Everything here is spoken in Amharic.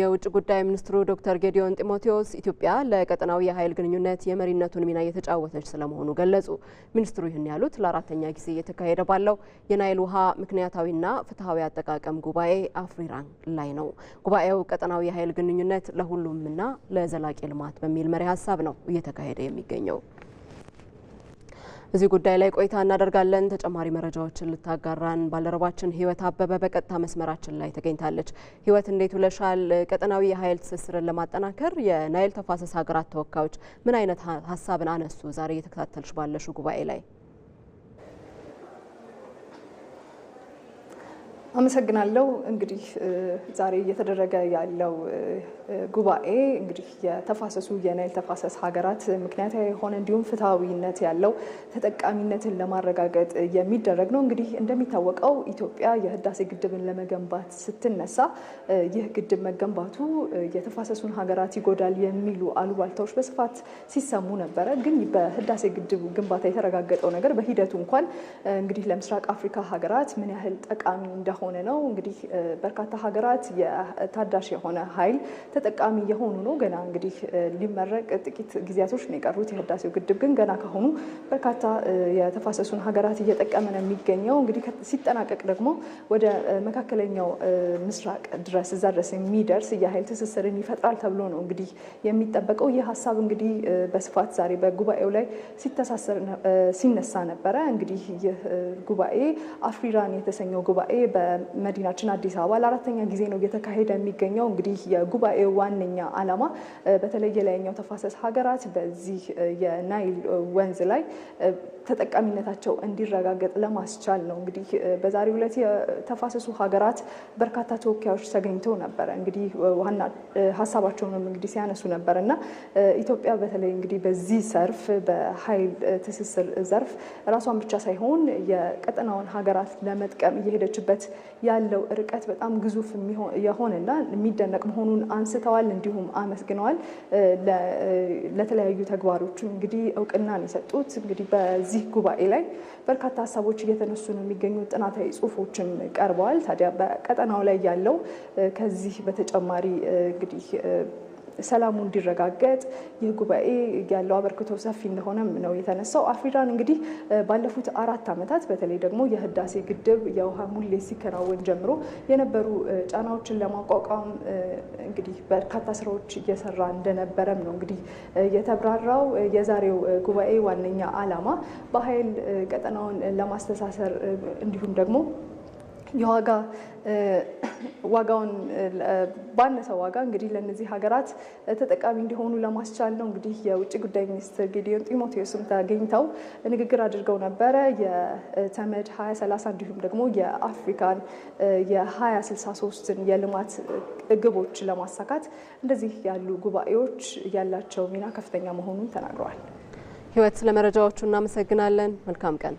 የውጭ ጉዳይ ሚኒስትሩ ዶክተር ጌዲዮን ጢሞቴዎስ ኢትዮጵያ ለቀጠናዊ የኃይል ግንኙነት የመሪነቱን ሚና እየተጫወተች ስለመሆኑ ገለጹ። ሚኒስትሩ ይህን ያሉት ለአራተኛ ጊዜ እየተካሄደ ባለው የናይል ውሃ ምክንያታዊና ፍትሐዊ አጠቃቀም ጉባኤ አፍሪራን ላይ ነው። ጉባኤው ቀጠናዊ የኃይል ግንኙነት ለሁሉምና ለዘላቂ ልማት በሚል መሪ ሀሳብ ነው እየተካሄደ የሚገኘው። በዚህ ጉዳይ ላይ ቆይታ እናደርጋለን። ተጨማሪ መረጃዎችን ልታጋራን ባልደረባችን ህይወት አበበ በቀጥታ መስመራችን ላይ ተገኝታለች። ህይወት እንዴት ውለሻል? ቀጠናዊ የኃይል ትስስርን ለማጠናከር የናይል ተፋሰስ ሀገራት ተወካዮች ምን አይነት ሀሳብን አነሱ? ዛሬ እየተከታተልሽ ባለሽው ጉባኤ ላይ አመሰግናለሁ። እንግዲህ ዛሬ እየተደረገ ያለው ጉባኤ እንግዲህ የተፋሰሱ የናይል ተፋሰስ ሀገራት ምክንያታዊ የሆነ እንዲሁም ፍትሐዊነት ያለው ተጠቃሚነትን ለማረጋገጥ የሚደረግ ነው። እንግዲህ እንደሚታወቀው ኢትዮጵያ የህዳሴ ግድብን ለመገንባት ስትነሳ ይህ ግድብ መገንባቱ የተፋሰሱን ሀገራት ይጎዳል የሚሉ አሉባልታዎች በስፋት ሲሰሙ ነበረ። ግን በህዳሴ ግድቡ ግንባታ የተረጋገጠው ነገር በሂደቱ እንኳን እንግዲህ ለምስራቅ አፍሪካ ሀገራት ምን ያህል ጠቃሚ እንደ እየሆነ ነው። እንግዲህ በርካታ ሀገራት የታዳሽ የሆነ ኃይል ተጠቃሚ የሆኑ ነው። ገና እንግዲህ ሊመረቅ ጥቂት ጊዜያቶች ነው የቀሩት። የህዳሴው ግድብ ግን ገና ካሁኑ በርካታ የተፋሰሱን ሀገራት እየጠቀመ ነው የሚገኘው። እንግዲህ ሲጠናቀቅ ደግሞ ወደ መካከለኛው ምስራቅ ድረስ እዛ ድረስ የሚደርስ የኃይል ትስስርን ይፈጥራል ተብሎ ነው እንግዲህ የሚጠበቀው። ይህ ሀሳብ እንግዲህ በስፋት ዛሬ በጉባኤው ላይ ሲተሳሰር ሲነሳ ነበረ። እንግዲህ ይህ ጉባኤ አፍሪራን የተሰኘው ጉባኤ በ በመዲናችን አዲስ አበባ ለአራተኛ ጊዜ ነው እየተካሄደ የሚገኘው። እንግዲህ የጉባኤው ዋነኛ ዓላማ በተለይ የላይኛው ተፋሰስ ሀገራት በዚህ የናይል ወንዝ ላይ ተጠቃሚነታቸው እንዲረጋገጥ ለማስቻል ነው። እንግዲህ በዛሬው ዕለት የተፋሰሱ ሀገራት በርካታ ተወካዮች ተገኝተው ነበረ። እንግዲህ ዋና ሀሳባቸውንም እንግዲህ ሲያነሱ ነበር እና ኢትዮጵያ በተለይ እንግዲህ በዚህ ዘርፍ በኃይል ትስስር ዘርፍ ራሷን ብቻ ሳይሆን የቀጠናውን ሀገራት ለመጥቀም እየሄደችበት ያለው ርቀት በጣም ግዙፍ የሆነና የሚደነቅ መሆኑን አንስተዋል። እንዲሁም አመስግነዋል። ለተለያዩ ተግባሮቹ እንግዲህ እውቅናን የሰጡት እንግዲህ በዚህ ጉባኤ ላይ በርካታ ሀሳቦች እየተነሱ ነው የሚገኙ ጥናታዊ ጽሁፎችም ቀርበዋል። ታዲያ በቀጠናው ላይ ያለው ከዚህ በተጨማሪ እንግዲህ ሰላሙ እንዲረጋገጥ ይህ ጉባኤ ያለው አበርክቶ ሰፊ እንደሆነም ነው የተነሳው። አፍሪዳን እንግዲህ ባለፉት አራት ዓመታት በተለይ ደግሞ የህዳሴ ግድብ የውሃ ሙሌት ሲከናወን ጀምሮ የነበሩ ጫናዎችን ለማቋቋም እንግዲህ በርካታ ስራዎች እየሰራ እንደነበረም ነው እንግዲህ የተብራራው። የዛሬው ጉባኤ ዋነኛ ዓላማ በኃይል ቀጠናውን ለማስተሳሰር እንዲሁም ደግሞ የዋጋ ዋጋውን ባነሰ ዋጋ እንግዲህ ለእነዚህ ሀገራት ተጠቃሚ እንዲሆኑ ለማስቻል ነው። እንግዲህ የውጭ ጉዳይ ሚኒስትር ጌዲዮን ጢሞቴዎስም ተገኝተው ንግግር አድርገው ነበረ። የተመድ 2030 እንዲሁም ደግሞ የአፍሪካን የ2063ን የልማት ግቦች ለማሳካት እንደዚህ ያሉ ጉባኤዎች ያላቸው ሚና ከፍተኛ መሆኑን ተናግረዋል። ህይወት፣ ለመረጃዎቹ እናመሰግናለን። መልካም ቀን